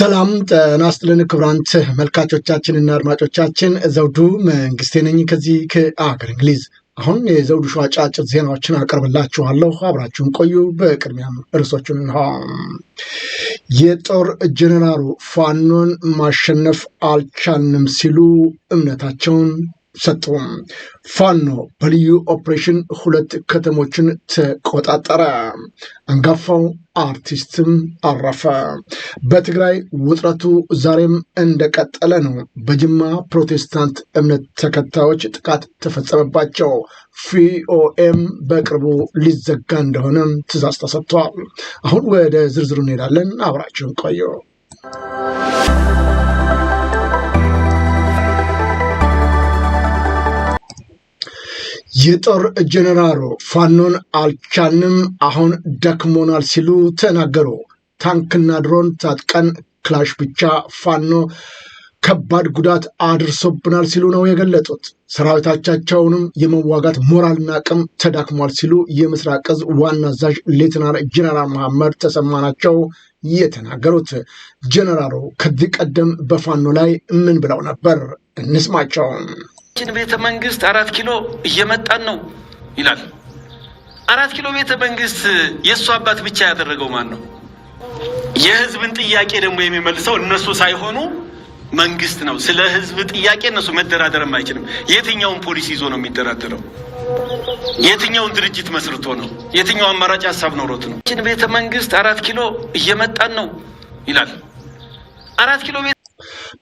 ሰላም ጤና ይስጥልን ክቡራን ተመልካቾቻችንና አድማጮቻችን ዘውዱ መንግስቴ ነኝ ከዚህ ከአገር እንግሊዝ። አሁን የዘውዱ ሾው አጫጭር ዜናዎችን አቀርብላችኋለሁ፣ አብራችሁን ቆዩ። በቅድሚያም ርዕሶቹን እንሆ። የጦር ጀኔራሉ ፋኖን ማሸነፍ አልቻልንም ሲሉ እምነታቸውን ሰጡ። ፋኖ በልዩ ኦፕሬሽን ሁለት ከተሞችን ተቆጣጠረ። አንጋፋው አርቲስትም አረፈ። በትግራይ ውጥረቱ ዛሬም እንደቀጠለ ነው። በጅማ ፕሮቴስታንት እምነት ተከታዮች ጥቃት ተፈጸመባቸው። ቪኦኤም በቅርቡ ሊዘጋ እንደሆነ ትዕዛዝ ተሰጥቷል። አሁን ወደ ዝርዝሩ እንሄዳለን። አብራችሁን ቆዩ። የጦር ጀኔራሉ ፋኖን አልቻንም፣ አሁን ደክሞናል ሲሉ ተናገሩ። ታንክና ድሮን ታጥቀን ክላሽ ብቻ ፋኖ ከባድ ጉዳት አድርሶብናል ሲሉ ነው የገለጡት። ሰራዊታቻቸውንም የመዋጋት ሞራልና አቅም ተዳክሟል ሲሉ የምስራቅ እዝ ዋና አዛዥ ሌትናር ጀነራል መሐመድ ተሰማ ናቸው የተናገሩት። ጀነራሉ ከዚህ ቀደም በፋኖ ላይ ምን ብለው ነበር? እንስማቸው። የእመቤታችን ቤተ መንግስት አራት ኪሎ እየመጣን ነው ይላል። አራት ኪሎ ቤተ መንግስት የእሱ አባት ብቻ ያደረገው ማን ነው? የህዝብን ጥያቄ ደግሞ የሚመልሰው እነሱ ሳይሆኑ መንግስት ነው። ስለ ህዝብ ጥያቄ እነሱ መደራደርም አይችልም። የትኛውን ፖሊሲ ይዞ ነው የሚደራደረው? የትኛውን ድርጅት መስርቶ ነው? የትኛው አማራጭ ሀሳብ ኖሮት ነው? ቤተ መንግስት አራት ኪሎ እየመጣን ነው ይላል። አራት ኪሎ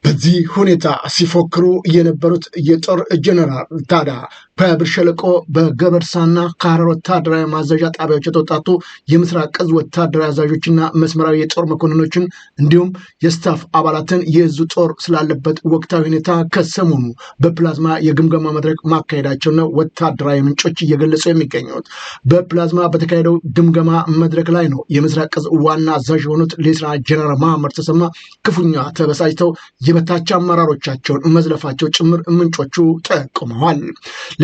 በዚህ ሁኔታ ሲፎክሩ የነበሩት የጦር ጀነራል ታዲያ በብር ሸለቆ በገበርሳና ከሀረር ወታደራዊ ማዘዣ ጣቢያዎች የተወጣጡ የምስራቅ እዝ ወታደራዊ አዛዦችና መስመራዊ የጦር መኮንኖችን እንዲሁም የስታፍ አባላትን የእዙ ጦር ስላለበት ወቅታዊ ሁኔታ ከሰሞኑ በፕላዝማ የግምገማ መድረክ ማካሄዳቸው ነው ወታደራዊ ምንጮች እየገለጹ የሚገኙት። በፕላዝማ በተካሄደው ግምገማ መድረክ ላይ ነው የምስራቅ እዝ ዋና አዛዥ የሆኑት ሌስራ ጀነራል መሐመድ ተሰማ ክፉኛ ተበሳጭተው የበታች አመራሮቻቸውን መዝለፋቸው ጭምር ምንጮቹ ጠቁመዋል።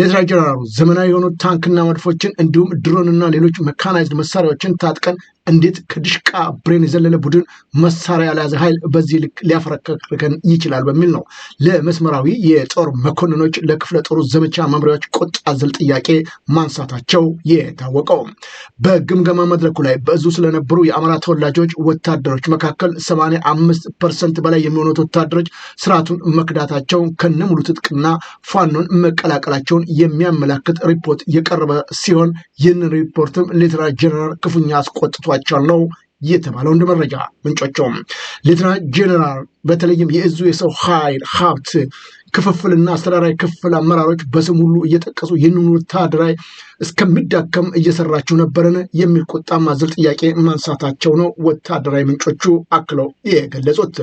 የእስራኤል ጀነራሉ ዘመናዊ የሆኑ ታንክና መድፎችን እንዲሁም ድሮንና ሌሎች መካናይዝድ መሳሪያዎችን ታጥቀን እንዴት ከድሽቃ ብሬን የዘለለ ቡድን መሳሪያ ያልያዘ ኃይል በዚህ ልክ ሊያፈረከርከን ይችላል በሚል ነው ለመስመራዊ የጦር መኮንኖች ለክፍለ ጦሩ ዘመቻ መምሪያዎች ቁጣ ዘል ጥያቄ ማንሳታቸው የታወቀው። በግምገማ መድረኩ ላይ በዙ ስለነበሩ የአማራ ተወላጆች ወታደሮች መካከል 85 ፐርሰንት በላይ የሚሆኑት ወታደሮች ስርዓቱን መክዳታቸውን ከነሙሉ ትጥቅና ፋኖን መቀላቀላቸውን የሚያመላክት ሪፖርት የቀረበ ሲሆን ይህንን ሪፖርትም ሌተና ጀነራል ክፉኛ አስቆጥቷል ነው የተባለው እንደ መረጃ ምንጮቹም ሌትና ጄኔራል በተለይም የእዙ የሰው ኃይል ሀብት ክፍፍልና አስተዳደራዊ ክፍል አመራሮች በስም ሁሉ እየጠቀሱ ይህንን ወታደራዊ እስከሚዳከም እየሰራችሁ ነበርን የሚል ቁጣ ማዘል ጥያቄ ማንሳታቸው ነው ወታደራዊ ምንጮቹ አክለው የገለጹት።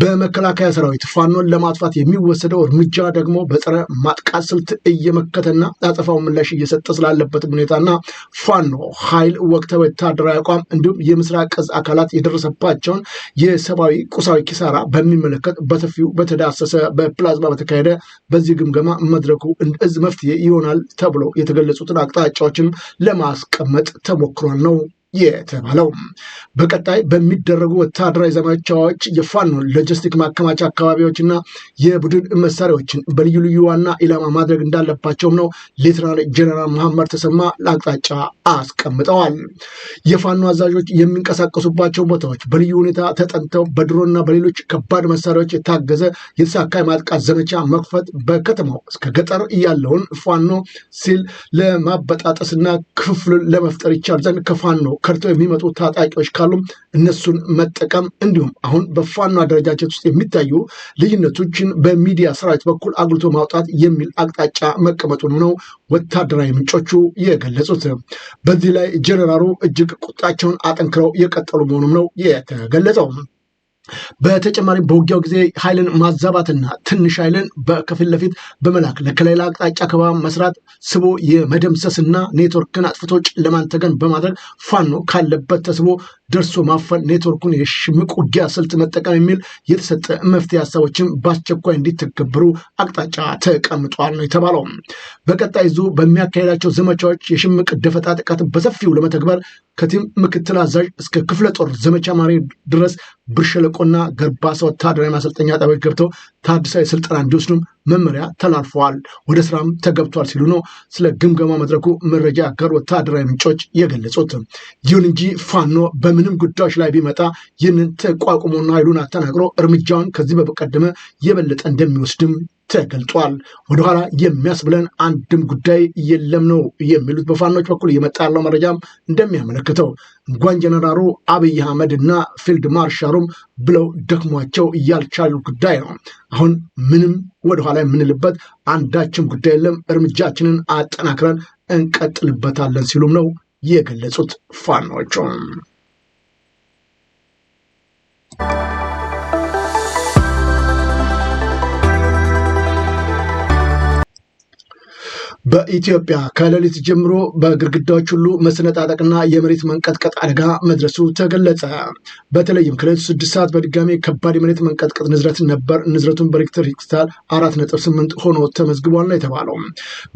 በመከላከያ ሰራዊት ፋኖን ለማጥፋት የሚወሰደው እርምጃ ደግሞ በጸረ ማጥቃት ስልት እየመከተና አጸፋው ምላሽ እየሰጠ ስላለበት ሁኔታና ፋኖ ኃይል ወቅተ ወታደራዊ አቋም እንዲሁም የምስራቅ እዝ አካላት የደረሰባቸውን የሰብአዊ ቁሳዊ ኪሳራ በሚመለከት በሰፊው በተዳሰሰ በፕላዝማ በተካሄደ በዚህ ግምገማ መድረኩ እዝ መፍትሄ ይሆናል ተብሎ የተገለጹትን አቅጣጫዎችን ለማስቀመጥ ተሞክሯል ነው የተባለው በቀጣይ በሚደረጉ ወታደራዊ ዘመቻዎች የፋኖ ሎጂስቲክ ማከማቻ አካባቢዎችና የቡድን መሳሪያዎችን በልዩ ልዩ ዋና ኢላማ ማድረግ እንዳለባቸውም ነው ሌትናል ጀነራል መሐመድ ተሰማ አቅጣጫ አስቀምጠዋል። የፋኖ አዛዦች የሚንቀሳቀሱባቸው ቦታዎች በልዩ ሁኔታ ተጠንተው በድሮና በሌሎች ከባድ መሳሪያዎች የታገዘ የተሳካ ማጥቃት ዘመቻ መክፈት በከተማው እስከ ገጠር ያለውን ፋኖ ሲል ለማበጣጠስና ክፍፍሉን ለመፍጠር ይቻል ዘንድ ከፋኖ ከርተው የሚመጡ ታጣቂዎች ካሉ እነሱን መጠቀም እንዲሁም አሁን በፋኖ አደረጃጀት ውስጥ የሚታዩ ልዩነቶችን በሚዲያ ሰራዊት በኩል አጉልቶ ማውጣት የሚል አቅጣጫ መቀመጡን ነው ወታደራዊ ምንጮቹ የገለጹት። በዚህ ላይ ጀነራሉ እጅግ ቁጣቸውን አጠንክረው የቀጠሉ መሆኑም ነው የተገለጸው። በተጨማሪም በውጊያው ጊዜ ኃይልን ማዛባትና ትንሽ ኃይልን ከፊት ለፊት በመላክ ከሌላ አቅጣጫ ከባ መስራት፣ ስቦ የመደምሰስና ኔትወርክን አጥፍቶ ጨለማን ተገን በማድረግ ፋኖ ካለበት ተስቦ ደርሶ ማፈን፣ ኔትወርኩን የሽምቅ ውጊያ ስልት መጠቀም የሚል የተሰጠ መፍትሄ ሀሳቦችን በአስቸኳይ እንዲተገበሩ አቅጣጫ ተቀምጧል ነው የተባለው። በቀጣይ ዙ በሚያካሄዳቸው ዘመቻዎች የሽምቅ ደፈጣ ጥቃት በሰፊው ለመተግበር ከቲም ምክትል አዛዥ እስከ ክፍለ ጦር ዘመቻ ማሪ ድረስ ብር ሸለቆና ገርባሳ ወታደራዊ ማሰልጠኛ ጣቢያዎች ገብተው ታድሳዊ ስልጠና እንዲወስዱም መመሪያ ተላልፈዋል፣ ወደ ስራም ተገብቷል ሲሉ ነው ስለ ግምገማ መድረኩ መረጃ ያጋሩ ወታደራዊ ምንጮች የገለጹት። ይሁን እንጂ ፋኖ በምንም ጉዳዮች ላይ ቢመጣ ይህንን ተቋቁሞና ኃይሉን አተናግሮ እርምጃውን ከዚህ በቀደመ የበለጠ እንደሚወስድም ተገልጧል። ወደኋላ የሚያስብለን አንድም ጉዳይ የለም ነው የሚሉት በፋኖች በኩል እየመጣ ያለው መረጃም እንደሚያመለክተው እንኳን ጀነራሉ አብይ አህመድ እና ፊልድ ማርሻሉም ብለው ደክሟቸው እያልቻሉ ጉዳይ ነው። አሁን ምንም ወደኋላ የምንልበት አንዳችም ጉዳይ የለም፣ እርምጃችንን አጠናክረን እንቀጥልበታለን ሲሉም ነው የገለጹት ፋኖቹ። በኢትዮጵያ ከሌሊት ጀምሮ በግድግዳዎች ሁሉ መሰነጣጠቅና የመሬት መንቀጥቀጥ አደጋ መድረሱ ተገለጸ። በተለይም ከሌሊቱ ስድስት ሰዓት በድጋሚ ከባድ የመሬት መንቀጥቀጥ ንዝረት ነበር። ንዝረቱን በሪክተር ስኬል አራት ነጥብ ስምንት ሆኖ ተመዝግቧል ነው የተባለው።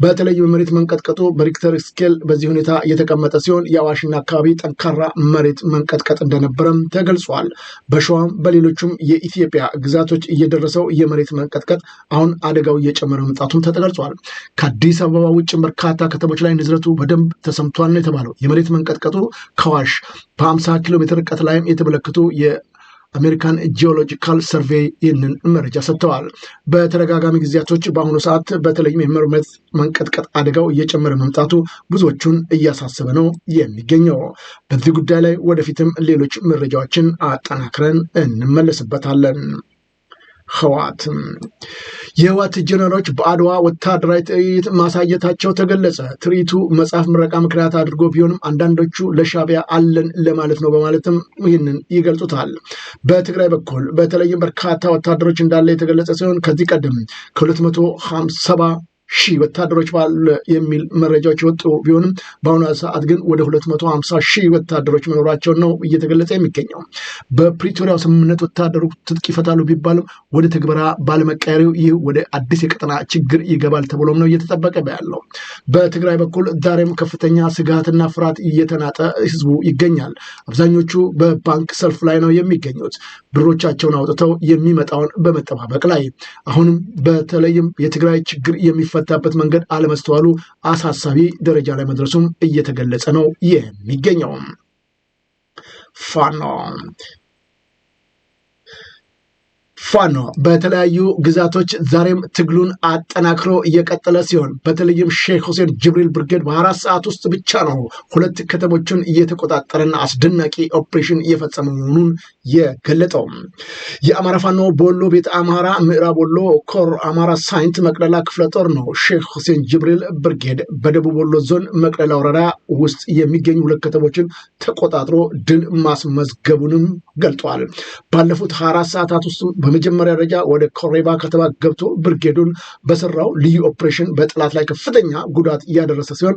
በተለይም የመሬት መንቀጥቀጡ በሪክተር ስኬል በዚህ ሁኔታ የተቀመጠ ሲሆን የአዋሽና አካባቢ ጠንካራ መሬት መንቀጥቀጥ እንደነበረም ተገልጿል። በሸዋም በሌሎችም የኢትዮጵያ ግዛቶች እየደረሰው የመሬት መንቀጥቀጥ አሁን አደጋው እየጨመረ መምጣቱም ተገልጿል። ከአዲስ አበባ ከአዲስ ውጭ በርካታ ከተሞች ላይ ንዝረቱ በደንብ ተሰምቷል ነው የተባለው። የመሬት መንቀጥቀጡ ከዋሽ በ50 ኪሎ ሜትር ርቀት ላይም የተመለከቱ የአሜሪካን ጂኦሎጂካል ሰርቬይ ይህንን መረጃ ሰጥተዋል። በተደጋጋሚ ጊዜያቶች በአሁኑ ሰዓት በተለይም የመሬት መንቀጥቀጥ አደጋው እየጨመረ መምጣቱ ብዙዎቹን እያሳሰበ ነው የሚገኘው። በዚህ ጉዳይ ላይ ወደፊትም ሌሎች መረጃዎችን አጠናክረን እንመለስበታለን። ህዋት የህዋት ጀነራሎች በአድዋ ወታደራዊ ትርኢት ማሳየታቸው ተገለጸ። ትርኢቱ መጽሐፍ ምረቃ ምክንያት አድርጎ ቢሆንም አንዳንዶቹ ለሻቢያ አለን ለማለት ነው በማለትም ይህንን ይገልጹታል። በትግራይ በኩል በተለይም በርካታ ወታደሮች እንዳለ የተገለጸ ሲሆን ከዚህ ቀደም ከ 250 ሺህ ወታደሮች ባለ የሚል መረጃዎች የወጡ ቢሆንም በአሁኑ ሰዓት ግን ወደ 250 ሺህ ወታደሮች መኖራቸውን ነው እየተገለጸ የሚገኘው። በፕሪቶሪያው ስምምነት ወታደሩ ትጥቅ ይፈታሉ ቢባልም ወደ ተግበራ ባለመቀየሩ ይህ ወደ አዲስ የቀጠና ችግር ይገባል ተብሎም ነው እየተጠበቀ ያለው። በትግራይ በኩል ዛሬም ከፍተኛ ስጋትና ፍርሃት እየተናጠ ህዝቡ ይገኛል። አብዛኞቹ በባንክ ሰልፍ ላይ ነው የሚገኙት ብሮቻቸውን አውጥተው የሚመጣውን በመጠባበቅ ላይ አሁንም በተለይም የትግራይ ችግር የሚፈ የሚፈታበት መንገድ አለመስተዋሉ አሳሳቢ ደረጃ ላይ መድረሱም እየተገለጸ ነው የሚገኘው ፋኖ ፋኖ በተለያዩ ግዛቶች ዛሬም ትግሉን አጠናክሮ እየቀጠለ ሲሆን በተለይም ሼክ ሁሴን ጅብሪል ብርጌድ በአራት ሰዓት ውስጥ ብቻ ነው ሁለት ከተሞችን እየተቆጣጠረና አስደናቂ ኦፕሬሽን እየፈጸመ መሆኑን የገለጠው የአማራ ፋኖ በወሎ ቤት አማራ ምዕራብ ወሎ ኮር አማራ ሳይንት መቅደላ ክፍለ ጦር ነው። ሼክ ሁሴን ጅብሪል ብርጌድ በደቡብ ወሎ ዞን መቅደላ ወረዳ ውስጥ የሚገኙ ሁለት ከተሞችን ተቆጣጥሮ ድል ማስመዝገቡንም ገልጧል። ባለፉት አራት ሰዓታት ውስጥ በመጀመሪያ ደረጃ ወደ ኮሬባ ከተማ ገብቶ ብርጌዱን በሰራው ልዩ ኦፕሬሽን በጠላት ላይ ከፍተኛ ጉዳት እያደረሰ ሲሆን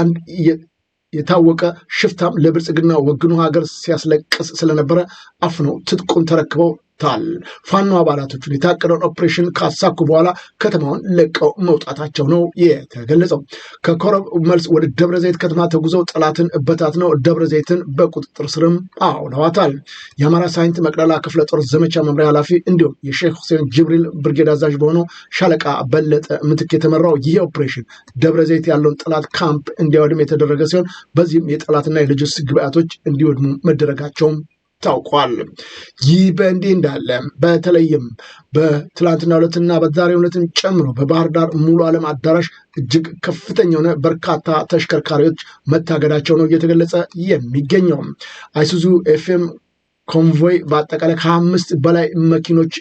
አንድ የታወቀ ሽፍታም ለብልጽግና ወግኖ ሀገር ሲያስለቅስ ስለነበረ አፍኖ ትጥቁን ተረክበው ተመቷል። ፋኖ አባላቶቹን የታቀደውን ኦፕሬሽን ካሳኩ በኋላ ከተማውን ለቀው መውጣታቸው ነው የተገለጸው። ከኮረብ መልስ ወደ ደብረ ዘይት ከተማ ተጉዘው ጠላትን ነው ደብረ ዘይትን በቁጥጥር ስርም አውለዋታል። የአማራ ሳይንት መቅደላ ክፍለ ጦር ዘመቻ መምሪያ ኃላፊ እንዲሁም የሼክ ሁሴን ጅብሪል ብርጌድ አዛዥ በሆነው ሻለቃ በለጠ ምትክ የተመራው ይህ ኦፕሬሽን ደብረ ዘይት ያለውን ጠላት ካምፕ እንዲያወድም የተደረገ ሲሆን በዚህም የጠላትና የልጅስ ግብአቶች እንዲወድሙ መደረጋቸውም ታውቋል። ይህ በእንዲህ እንዳለ በተለይም በትላንትና ሁለትና በዛሬ ሁለትን ጨምሮ በባህር ዳር ሙሉ ዓለም አዳራሽ እጅግ ከፍተኛ የሆነ በርካታ ተሽከርካሪዎች መታገዳቸው ነው እየተገለጸ የሚገኘው። አይሱዙ ኤፍኤም ኮንቮይ በአጠቃላይ ከአምስት በላይ መኪኖች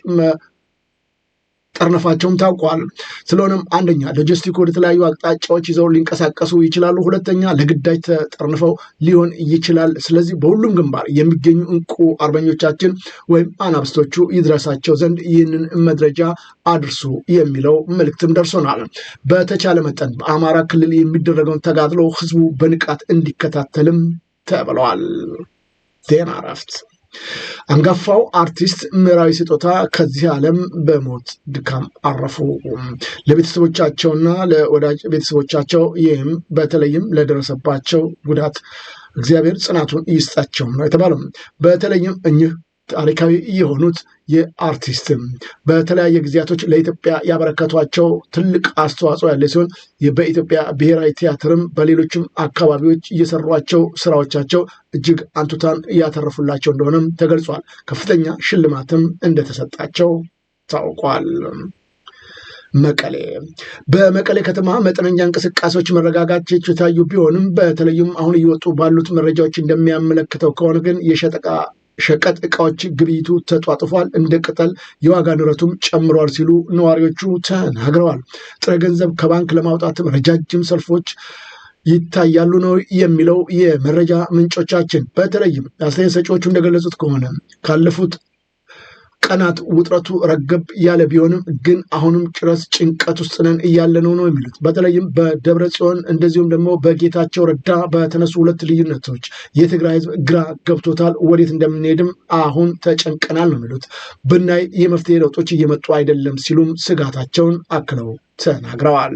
ጠርነፋቸውም ታውቋል። ስለሆነም አንደኛ ሎጂስቲክ ወደ ተለያዩ አቅጣጫዎች ይዘው ሊንቀሳቀሱ ይችላሉ። ሁለተኛ ለግዳጅ ተጠርንፈው ሊሆን ይችላል። ስለዚህ በሁሉም ግንባር የሚገኙ እንቁ አርበኞቻችን ወይም አናብስቶቹ ይድረሳቸው ዘንድ ይህንን መድረጃ አድርሱ የሚለው መልእክትም ደርሶናል። በተቻለ መጠን በአማራ ክልል የሚደረገውን ተጋድሎ ህዝቡ በንቃት እንዲከታተልም ተብለዋል። ዜና እረፍት አንጋፋው አርቲስት ምዕራዊ ስጦታ ከዚህ ዓለም በሞት ድካም አረፉ። ለቤተሰቦቻቸውና ለወዳጅ ቤተሰቦቻቸው ይህም በተለይም ለደረሰባቸው ጉዳት እግዚአብሔር ጽናቱን ይስጣቸው ነው የተባለው። በተለይም እኚህ ታሪካዊ የሆኑት የአርቲስት በተለያየ ጊዜያቶች ለኢትዮጵያ ያበረከቷቸው ትልቅ አስተዋጽኦ ያለ ሲሆን በኢትዮጵያ ብሔራዊ ቲያትርም በሌሎችም አካባቢዎች እየሰሯቸው ስራዎቻቸው እጅግ አንቱታን እያተረፉላቸው እንደሆነም ተገልጿል። ከፍተኛ ሽልማትም እንደተሰጣቸው ታውቋል። መቀሌ በመቀሌ ከተማ መጠነኛ እንቅስቃሴዎች መረጋጋት የታዩ ቢሆንም በተለይም አሁን እየወጡ ባሉት መረጃዎች እንደሚያመለክተው ከሆነ ግን የሸጠቃ ሸቀጥ እቃዎች ግብይቱ ተጧጥፏል፣ እንደ ቅጠል የዋጋ ንረቱም ጨምሯል ሲሉ ነዋሪዎቹ ተናግረዋል። ጥሬ ገንዘብ ከባንክ ለማውጣትም ረጃጅም ሰልፎች ይታያሉ ነው የሚለው የመረጃ ምንጮቻችን። በተለይም አስተያየት ሰጪዎቹ እንደገለጹት ከሆነ ካለፉት ቀናት ውጥረቱ ረገብ ያለ ቢሆንም ግን አሁንም ጭረስ ጭንቀት ውስጥ ነን እያለ ነው ነው የሚሉት። በተለይም በደብረ ጽዮን እንደዚሁም ደግሞ በጌታቸው ረዳ በተነሱ ሁለት ልዩነቶች የትግራይ ህዝብ ግራ ገብቶታል፣ ወዴት እንደምንሄድም አሁን ተጨንቀናል ነው የሚሉት። ብናይ የመፍትሄ ለውጦች እየመጡ አይደለም ሲሉም ስጋታቸውን አክለው ተናግረዋል።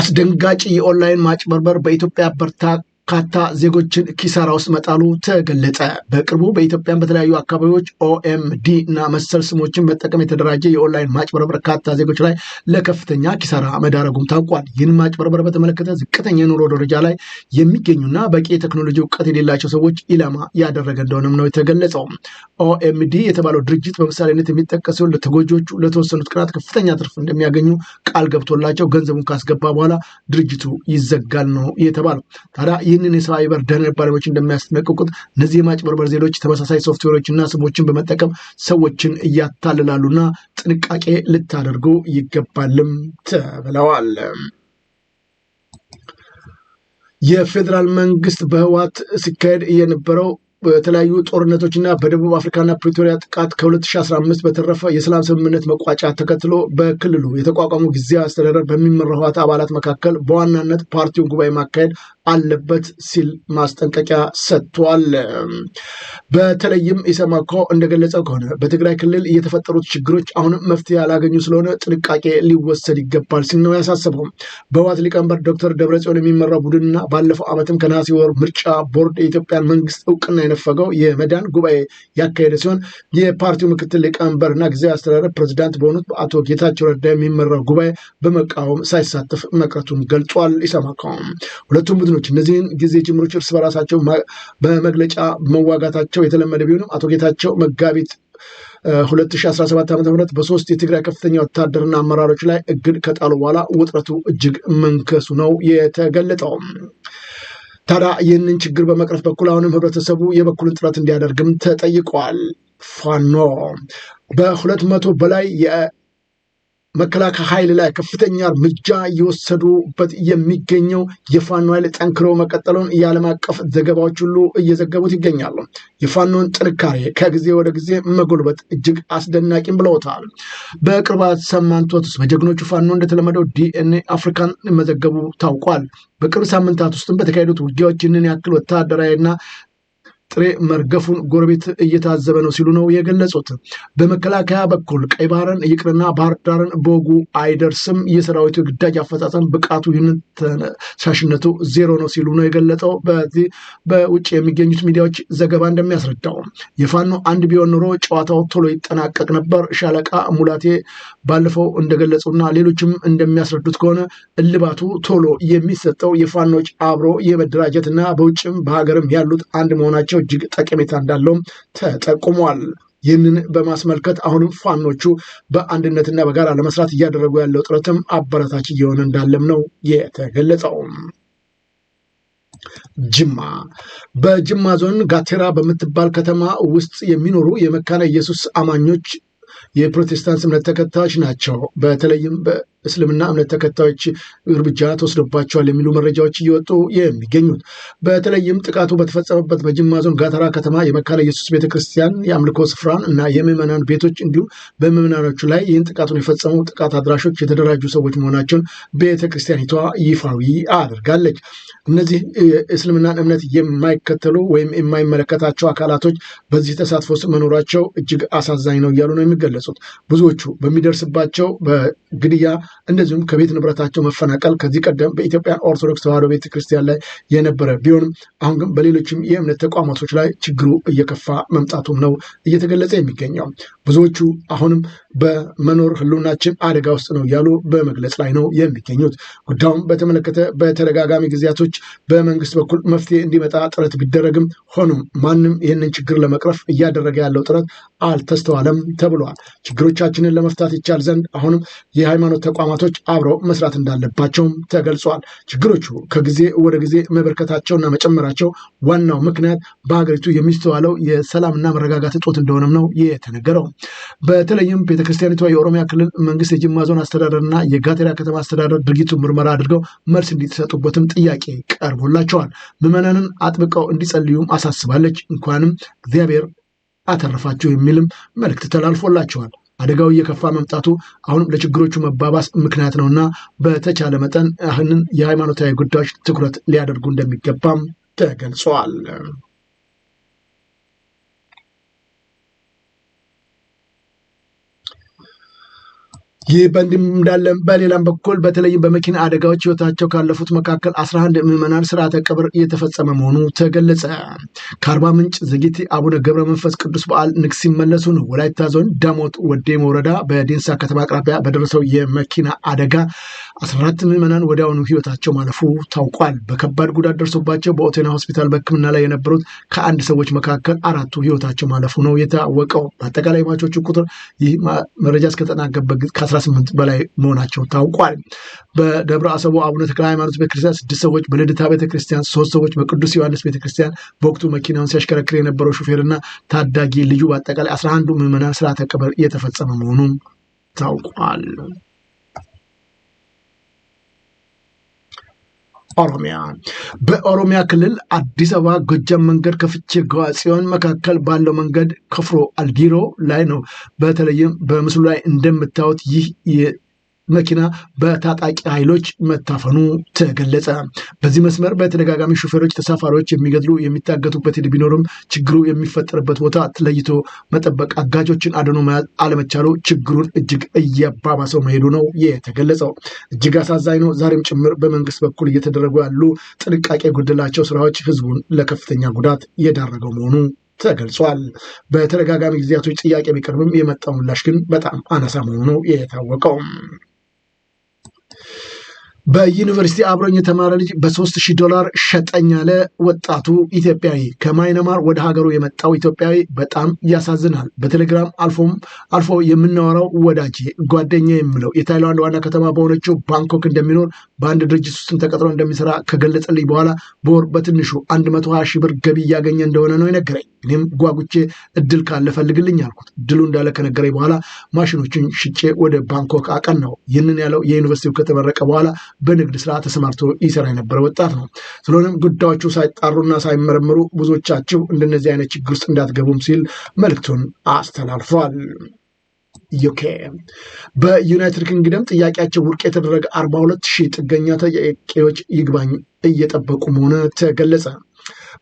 አስደንጋጭ የኦንላይን ማጭበርበር በኢትዮጵያ በርታ በርካታ ዜጎችን ኪሳራ ውስጥ መጣሉ ተገለጸ። በቅርቡ በኢትዮጵያን በተለያዩ አካባቢዎች ኦኤምዲ እና መሰል ስሞችን መጠቀም የተደራጀ የኦንላይን ማጭበርበር በርካታ ዜጎች ላይ ለከፍተኛ ኪሳራ መዳረጉም ታውቋል። ይህን ማጭበርበር በተመለከተ ዝቅተኛ የኑሮ ደረጃ ላይ የሚገኙና በቂ የቴክኖሎጂ እውቀት የሌላቸው ሰዎች ኢላማ ያደረገ እንደሆነም ነው የተገለጸው። ኦኤምዲ የተባለው ድርጅት በምሳሌነት የሚጠቀስ ሲሆን ለተጎጂዎቹ ለተወሰኑት ቀናት ከፍተኛ ትርፍ እንደሚያገኙ ቃል ገብቶላቸው ገንዘቡን ካስገባ በኋላ ድርጅቱ ይዘጋል ነው የተባለው። ታዲያ ይህንን የስራ የባህርዳር እንደሚያስጠነቅቁት እነዚህ የማጭበርበር ዜሎች ተመሳሳይ ሶፍትዌሮችና ስሞችን በመጠቀም ሰዎችን እያታልላሉና ጥንቃቄ ልታደርጉ ይገባልም ተብለዋል። የፌዴራል መንግስት በህወሓት ሲካሄድ የነበረው በተለያዩ ጦርነቶችና በደቡብ አፍሪካና ፕሪቶሪያ ጥቃት ከ2015 በተረፈ የሰላም ስምምነት መቋጫ ተከትሎ በክልሉ የተቋቋሙ ጊዜያዊ አስተዳደር በሚመራው ህወሓት አባላት መካከል በዋናነት ፓርቲውን ጉባኤ ማካሄድ አለበት ሲል ማስጠንቀቂያ ሰጥቷል። በተለይም ኢሰማኮ እንደገለጸው ከሆነ በትግራይ ክልል የተፈጠሩት ችግሮች አሁንም መፍትሄ ያላገኙ ስለሆነ ጥንቃቄ ሊወሰድ ይገባል ሲል ነው ያሳሰበው። በህወሓት ሊቀመንበር ዶክተር ደብረጽዮን የሚመራው ቡድንና ባለፈው ዓመትም ከነሐሴ ወር ምርጫ ቦርድ የኢትዮጵያን መንግስት እውቅና የነፈገው የመዳን ጉባኤ ያካሄደ ሲሆን የፓርቲው ምክትል ሊቀመንበርና ጊዜያዊ አስተዳደር ፕሬዚዳንት በሆኑት በአቶ ጌታቸው ረዳ የሚመራው ጉባኤ በመቃወም ሳይሳተፍ መቅረቱን ገልጿል። ኢሰማኮ ሁለቱም ቡድኖች ኃይሎች እነዚህን ጊዜ ጅምሮች እርስ በራሳቸው በመግለጫ መዋጋታቸው የተለመደ ቢሆንም አቶ ጌታቸው መጋቢት 2017 ዓ ም በሶስት የትግራይ ከፍተኛ ወታደርና አመራሮች ላይ እግድ ከጣሉ በኋላ ውጥረቱ እጅግ መንከሱ ነው የተገለጠው። ታዲያ ይህንን ችግር በመቅረፍ በኩል አሁንም ህብረተሰቡ የበኩልን ጥረት እንዲያደርግም ተጠይቋል። ፋኖ በሁለት መቶ በላይ መከላከያ ኃይል ላይ ከፍተኛ እርምጃ እየወሰዱበት የሚገኘው የፋኖ ኃይል ጠንክሮ መቀጠሉን የዓለም አቀፍ ዘገባዎች ሁሉ እየዘገቡት ይገኛሉ። የፋኖን ጥንካሬ ከጊዜ ወደ ጊዜ መጎልበት እጅግ አስደናቂም ብለውታል። በቅርባት ሳምንታት ውስጥ በጀግኖቹ ፋኖ እንደተለመደው ዲኤንኤ አፍሪካን መዘገቡ ታውቋል። በቅርብ ሳምንታት ውስጥም በተካሄዱት ውጊያዎች ይህንን ያክል ወታደራዊና ጥሬ መርገፉን ጎረቤት እየታዘበ ነው ሲሉ ነው የገለጹት። በመከላከያ በኩል ቀይ ባህርን ይቅርና ባህር ዳርን በወጉ አይደርስም። የሰራዊቱ ግዳጅ አፈጻጸም ብቃቱ ይህንን ተነሳሽነቱ ዜሮ ነው ሲሉ ነው የገለጠው። በዚህ በውጭ የሚገኙት ሚዲያዎች ዘገባ እንደሚያስረዳው የፋኖ አንድ ቢሆን ኖሮ ጨዋታው ቶሎ ይጠናቀቅ ነበር። ሻለቃ ሙላቴ ባለፈው እንደገለጹና ሌሎችም እንደሚያስረዱት ከሆነ እልባቱ ቶሎ የሚሰጠው የፋኖች አብሮ የመደራጀትና በውጭም በሀገርም ያሉት አንድ መሆናቸው መሆናቸው እጅግ ጠቀሜታ እንዳለውም ተጠቁሟል። ይህንን በማስመልከት አሁንም ፋኖቹ በአንድነትና በጋራ ለመስራት እያደረጉ ያለው ጥረትም አበረታች እየሆነ እንዳለም ነው የተገለጸው። ጅማ በጅማ ዞን ጋቴራ በምትባል ከተማ ውስጥ የሚኖሩ የመካነ ኢየሱስ አማኞች የፕሮቴስታንት እምነት ተከታዮች ናቸው። በተለይም እስልምና እምነት ተከታዮች እርምጃ ተወስዶባቸዋል የሚሉ መረጃዎች እየወጡ የሚገኙት በተለይም ጥቃቱ በተፈጸመበት በጅማ ዞን ጋተራ ከተማ የመካነ ኢየሱስ ቤተክርስቲያን የአምልኮ ስፍራን እና የምዕመናን ቤቶች እንዲሁም በምዕመናኖቹ ላይ ይህን ጥቃቱን የፈጸሙ ጥቃት አድራሾች የተደራጁ ሰዎች መሆናቸውን ቤተክርስቲያኒቷ ይፋዊ አድርጋለች። እነዚህ እስልምናን እምነት የማይከተሉ ወይም የማይመለከታቸው አካላቶች በዚህ ተሳትፎ ውስጥ መኖራቸው እጅግ አሳዛኝ ነው እያሉ ነው የሚገለጹት። ብዙዎቹ በሚደርስባቸው በግድያ እንደዚሁም ከቤት ንብረታቸው መፈናቀል ከዚህ ቀደም በኢትዮጵያ ኦርቶዶክስ ተዋህዶ ቤተክርስቲያን ላይ የነበረ ቢሆንም አሁን ግን በሌሎችም የእምነት ተቋማቶች ላይ ችግሩ እየከፋ መምጣቱም ነው እየተገለጸ የሚገኘው። ብዙዎቹ አሁንም በመኖር ህልውናችን አደጋ ውስጥ ነው እያሉ በመግለጽ ላይ ነው የሚገኙት። ጉዳዩን በተመለከተ በተደጋጋሚ ጊዜያቶች በመንግስት በኩል መፍትሄ እንዲመጣ ጥረት ቢደረግም ሆኖም ማንም ይህንን ችግር ለመቅረፍ እያደረገ ያለው ጥረት አልተስተዋለም ተብሏል። ችግሮቻችንን ለመፍታት ይቻል ዘንድ አሁንም የሃይማኖት ተቋ ተቋማቶች አብረው መስራት እንዳለባቸውም ተገልጿል። ችግሮቹ ከጊዜ ወደ ጊዜ መበርከታቸውና መጨመራቸው ዋናው ምክንያት በሀገሪቱ የሚስተዋለው የሰላምና መረጋጋት እጦት እንደሆነም ነው የተነገረው። በተለይም ቤተክርስቲያኒቷ የኦሮሚያ ክልል መንግስት የጅማ ዞን አስተዳደርና የጋቴራ ከተማ አስተዳደር ድርጊቱ ምርመራ አድርገው መልስ እንዲሰጡበትም ጥያቄ ቀርቦላቸዋል። ምዕመናንን አጥብቀው እንዲጸልዩም አሳስባለች። እንኳንም እግዚአብሔር አተረፋቸው የሚልም መልእክት ተላልፎላቸዋል። አደጋው እየከፋ መምጣቱ አሁንም ለችግሮቹ መባባስ ምክንያት ነውና በተቻለ መጠን ይህንን የሃይማኖታዊ ጉዳዮች ትኩረት ሊያደርጉ እንደሚገባም ተገልጿል። ይህ በእንዲህ እንዳለ በሌላም በኩል በተለይም በመኪና አደጋዎች ህይወታቸው ካለፉት መካከል 11 ምዕመናን ስርዓተ ቀብር እየተፈጸመ መሆኑ ተገለጸ። ከአርባ ምንጭ ዘጌቴ አቡነ ገብረ መንፈስ ቅዱስ በዓል ንግስ ሲመለሱ ነው። ወላይታ ዞን ዳሞት ወዴም ወረዳ በዴንሳ ከተማ አቅራቢያ በደረሰው የመኪና አደጋ 14 ምዕመናን ወዲያውኑ ህይወታቸው ማለፉ ታውቋል። በከባድ ጉዳት ደርሶባቸው በኦቴና ሆስፒታል በህክምና ላይ የነበሩት ከአንድ ሰዎች መካከል አራቱ ህይወታቸው ማለፉ ነው የታወቀው። በአጠቃላይ ማቾቹ ቁጥር ይህ መረጃ እስከተጠናገረበት 18 በላይ መሆናቸው ታውቋል። በደብረ አሰቦ አቡነ ተክለ ሃይማኖት ቤተክርስቲያን ስድስት ሰዎች፣ በልደታ ቤተክርስቲያን ሶስት ሰዎች፣ በቅዱስ ዮሐንስ ቤተክርስቲያን በወቅቱ መኪናውን ሲያሽከረክር የነበረው ሹፌርና ታዳጊ ልጁ በአጠቃላይ 11ዱ ምዕመናን ስርዓተ ቀብር እየተፈጸመ መሆኑን ታውቋል። ኦሮሚያ በኦሮሚያ ክልል አዲስ አበባ ጎጃም መንገድ ከፍቼ ገዋ ጽዮን መካከል ባለው መንገድ ክፍሮ አልጊሮ ላይ ነው። በተለይም በምስሉ ላይ እንደምታዩት ይህ መኪና በታጣቂ ኃይሎች መታፈኑ ተገለጸ። በዚህ መስመር በተደጋጋሚ ሹፌሮች ተሳፋሪዎች የሚገድሉ የሚታገቱበት ሂድ ቢኖርም ችግሩ የሚፈጠርበት ቦታ ለይቶ መጠበቅ፣ አጋጆችን አድኖ መያዝ አለመቻሉ ችግሩን እጅግ እያባባሰው መሄዱ ነው የተገለጸው። እጅግ አሳዛኝ ነው። ዛሬም ጭምር በመንግስት በኩል እየተደረጉ ያሉ ጥንቃቄ የጎደላቸው ስራዎች ህዝቡን ለከፍተኛ ጉዳት የዳረገው መሆኑ ተገልጿል። በተደጋጋሚ ጊዜያቶች ጥያቄ ቢቀርብም የመጣው ምላሽ ግን በጣም አነሳ መሆኑ የታወቀው በዩኒቨርሲቲ አብሮኝ የተማረ ልጅ በሶስት ሺህ ዶላር ሸጠኝ ያለ ወጣቱ ኢትዮጵያዊ። ከማይነማር ወደ ሀገሩ የመጣው ኢትዮጵያዊ በጣም ያሳዝናል። በቴሌግራም አልፎም አልፎ የምናወራው ወዳጅ ጓደኛ የምለው የታይላንድ ዋና ከተማ በሆነችው ባንኮክ እንደሚኖር በአንድ ድርጅት ውስጥም ተቀጥሮ እንደሚሰራ ከገለጸልኝ በኋላ በወር በትንሹ 120 ሺህ ብር ገቢ እያገኘ እንደሆነ ነው የነገረኝ። እኔም ጓጉቼ እድል ካለ ፈልግልኝ አልኩት። እድሉ እንዳለ ከነገረኝ በኋላ ማሽኖችን ሽጬ ወደ ባንኮክ ነው። ይህንን ያለው የዩኒቨርሲቲው ከተመረቀ በኋላ በንግድ ስራ ተሰማርቶ ይሰራ የነበረ ወጣት ነው። ስለሆነም ጉዳዮቹ ሳይጣሩና ሳይመረምሩ ብዙዎቻችሁ እንደነዚህ አይነት ችግር ውስጥ እንዳትገቡም ሲል መልእክቱን አስተላልፏል። ዩኬ በዩናይትድ ኪንግደም ጥያቄያቸው ውድቅ የተደረገ 42 ሺህ ጥገኛ ተጠያቂዎች ይግባኝ እየጠበቁ መሆኑ ተገለጸ።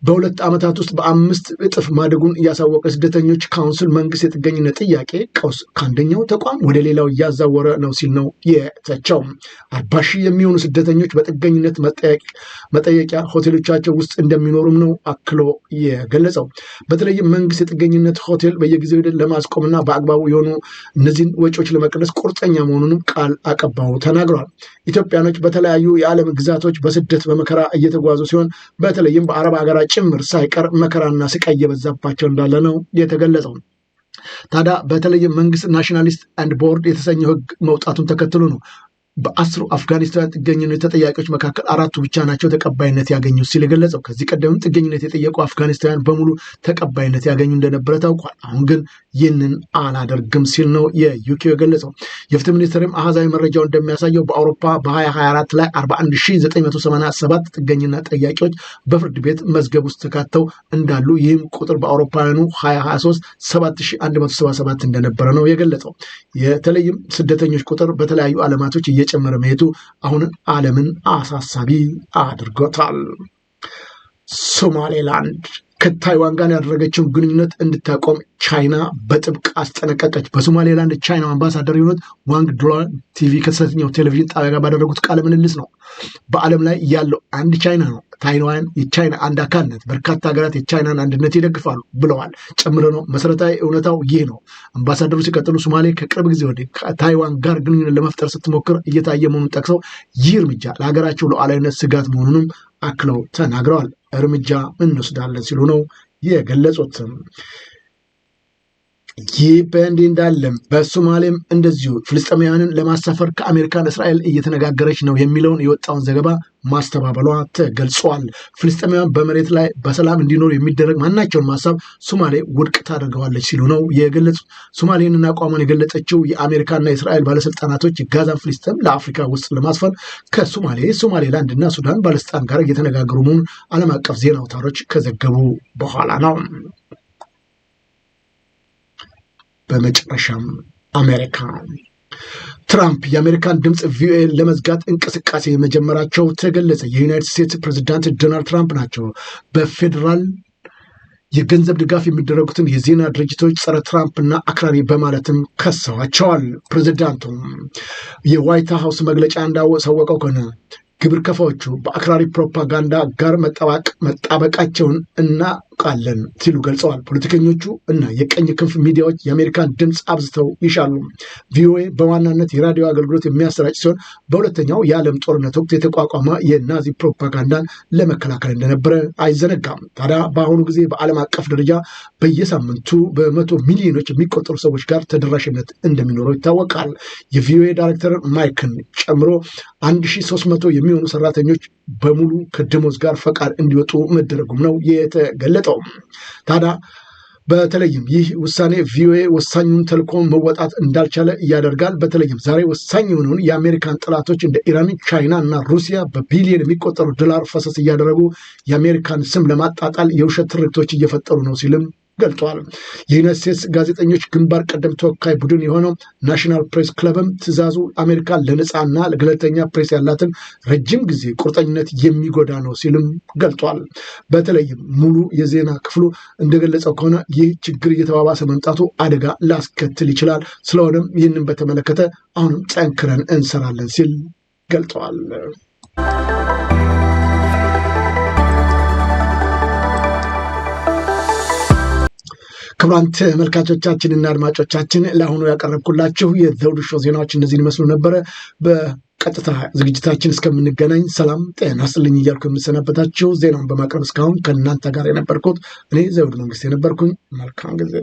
በሁለት ዓመታት ውስጥ በአምስት እጥፍ ማደጉን እያሳወቀ ስደተኞች ካውንስል መንግስት የጥገኝነት ጥያቄ ቀውስ ከአንደኛው ተቋም ወደ ሌላው እያዛወረ ነው ሲል ነው የተቸው። አርባ ሺህ የሚሆኑ ስደተኞች በጥገኝነት መጠየቂያ ሆቴሎቻቸው ውስጥ እንደሚኖሩም ነው አክሎ የገለጸው። በተለይም መንግስት የጥገኝነት ሆቴል በየጊዜው ለማስቆምና በአግባቡ የሆኑ እነዚህን ወጪዎች ለመቀነስ ቁርጠኛ መሆኑንም ቃል አቀባዩ ተናግሯል። ኢትዮጵያኖች በተለያዩ የዓለም ግዛቶች በስደት በመከራ እየተጓዙ ሲሆን በተለይም በአረብ ሀገራ ጭምር ሳይቀር መከራና ስቃይ እየበዛባቸው እንዳለ ነው የተገለጸው። ታዲያ በተለይም መንግስት ናሽናሊስት አንድ ቦርድ የተሰኘው ህግ መውጣቱን ተከትሎ ነው በአስሩ አፍጋኒስታን ጥገኝነት ተጠያቂዎች መካከል አራቱ ብቻ ናቸው ተቀባይነት ያገኙ ሲል የገለጸው ከዚህ ቀደምም ጥገኝነት የጠየቁ አፍጋኒስታውያን በሙሉ ተቀባይነት ያገኙ እንደነበረ ታውቋል። አሁን ግን ይህንን አላደርግም ሲል ነው የዩኬ የገለጸው። የፍትህ ሚኒስትርም አሃዛዊ መረጃው እንደሚያሳየው በአውሮፓ በ2024 ላይ 41987 ጥገኝነት ጠያቂዎች በፍርድ ቤት መዝገብ ውስጥ ተካተው እንዳሉ ይህም ቁጥር በአውሮፓውያኑ 2023 7177 እንደነበረ ነው የገለጸው። የተለይም ስደተኞች ቁጥር በተለያዩ ዓለማቶች እየ እየጨመረ መሄዱ አሁን ዓለምን አሳሳቢ አድርጎታል። ሶማሌላንድ ከታይዋን ጋር ያደረገችው ግንኙነት እንድታቆም ቻይና በጥብቅ አስጠነቀቀች። በሶማሌላንድ ቻይና አምባሳደር የሆኑት ዋንግ ዶላን ቲቪ ከተሰኛው ቴሌቪዥን ጣቢያ ጋር ባደረጉት ቃለ ምልልስ ነው። በዓለም ላይ ያለው አንድ ቻይና ነው። ታይዋን የቻይና አንድ አካል በርካታ ሀገራት የቻይናን አንድነት ይደግፋሉ ብለዋል። ጨምረ ነው መሰረታዊ እውነታው ይህ ነው። አምባሳደሩ ሲቀጥሉ ሶማሌ ከቅርብ ጊዜ ወዲህ ከታይዋን ጋር ግንኙነት ለመፍጠር ስትሞክር እየታየ መሆኑን ጠቅሰው ይህ እርምጃ ለሀገራቸው ሉዓላዊነት ስጋት መሆኑንም አክለው ተናግረዋል። እርምጃ እንወስዳለን ሲሉ ነው የገለጹትም። ይህ በእንዲህ እንዳለም በሶማሌም እንደዚሁ ፍልስጤማውያንን ለማሳፈር ከአሜሪካን እስራኤል እየተነጋገረች ነው የሚለውን የወጣውን ዘገባ ማስተባበሏ ተገልጿል። ፍልስጤማውያን በመሬት ላይ በሰላም እንዲኖሩ የሚደረግ ማናቸውን ማሳብ ሶማሌ ውድቅ ታደርገዋለች ሲሉ ነው የገለጹ። ሶማሌንና አቋሟን የገለጸችው የአሜሪካና የእስራኤል ባለስልጣናቶች የጋዛን ፍልስጤም ለአፍሪካ ውስጥ ለማስፈር ከሶማሌ ሶማሌላንድ እና ሱዳን ባለስልጣን ጋር እየተነጋገሩ መሆኑን ዓለም አቀፍ ዜና አውታሮች ከዘገቡ በኋላ ነው። በመጨረሻም አሜሪካ ትራምፕ የአሜሪካን ድምፅ ቪኦኤ ለመዝጋት እንቅስቃሴ መጀመራቸው ተገለጸ። የዩናይትድ ስቴትስ ፕሬዚዳንት ዶናልድ ትራምፕ ናቸው በፌዴራል የገንዘብ ድጋፍ የሚደረጉትን የዜና ድርጅቶች ጸረ ትራምፕና አክራሪ በማለትም ከሰዋቸዋል። ፕሬዚዳንቱ የዋይት ሀውስ መግለጫ እንዳሳወቀው ከሆነ ግብር ከፋዎቹ በአክራሪ ፕሮፓጋንዳ ጋር መጣበቃቸውን እናውቃለን ሲሉ ገልጸዋል። ፖለቲከኞቹ እና የቀኝ ክንፍ ሚዲያዎች የአሜሪካን ድምፅ አብዝተው ይሻሉ። ቪኦኤ በዋናነት የራዲዮ አገልግሎት የሚያሰራጭ ሲሆን በሁለተኛው የዓለም ጦርነት ወቅት የተቋቋመ የናዚ ፕሮፓጋንዳን ለመከላከል እንደነበረ አይዘነጋም። ታዲያ በአሁኑ ጊዜ በዓለም አቀፍ ደረጃ በየሳምንቱ በመቶ ሚሊዮኖች የሚቆጠሩ ሰዎች ጋር ተደራሽነት እንደሚኖረው ይታወቃል። የቪኦኤ ዳይሬክተር ማይክን ጨምሮ 1300 የሚሆኑ ሰራተኞች በሙሉ ከደሞዝ ጋር ፈቃድ እንዲወጡ መደረጉም ነው የተገለጠው። ታዲያ በተለይም ይህ ውሳኔ ቪኦኤ ወሳኙን ተልኮ መወጣት እንዳልቻለ ያደርጋል። በተለይም ዛሬ ወሳኝ የሆነውን የአሜሪካን ጠላቶች እንደ ኢራን፣ ቻይና እና ሩሲያ በቢሊየን የሚቆጠሩ ዶላር ፈሰስ እያደረጉ የአሜሪካን ስም ለማጣጣል የውሸት ትርክቶች እየፈጠሩ ነው ሲልም ገልጠዋል። የዩናይት ስቴትስ ጋዜጠኞች ግንባር ቀደም ተወካይ ቡድን የሆነው ናሽናል ፕሬስ ክለብም ትዕዛዙ አሜሪካ ለነፃና ለገለልተኛ ፕሬስ ያላትን ረጅም ጊዜ ቁርጠኝነት የሚጎዳ ነው ሲልም ገልጧል። በተለይም ሙሉ የዜና ክፍሉ እንደገለጸው ከሆነ ይህ ችግር እየተባባሰ መምጣቱ አደጋ ላስከትል ይችላል። ስለሆነም ይህንን በተመለከተ አሁንም ጠንክረን እንሰራለን ሲል ገልጠዋል። ክቡራን ተመልካቾቻችንና አድማጮቻችን ለአሁኑ ያቀረብኩላችሁ የዘውዱ ሾው ዜናዎች እነዚህን ይመስሉ ነበረ። በቀጥታ ዝግጅታችን እስከምንገናኝ ሰላም ጤና ስልኝ እያልኩ የምሰናበታችሁ ዜናውን በማቅረብ እስካሁን ከእናንተ ጋር የነበርኩት እኔ ዘውዱ መንግስት የነበርኩኝ መልካም ጊዜ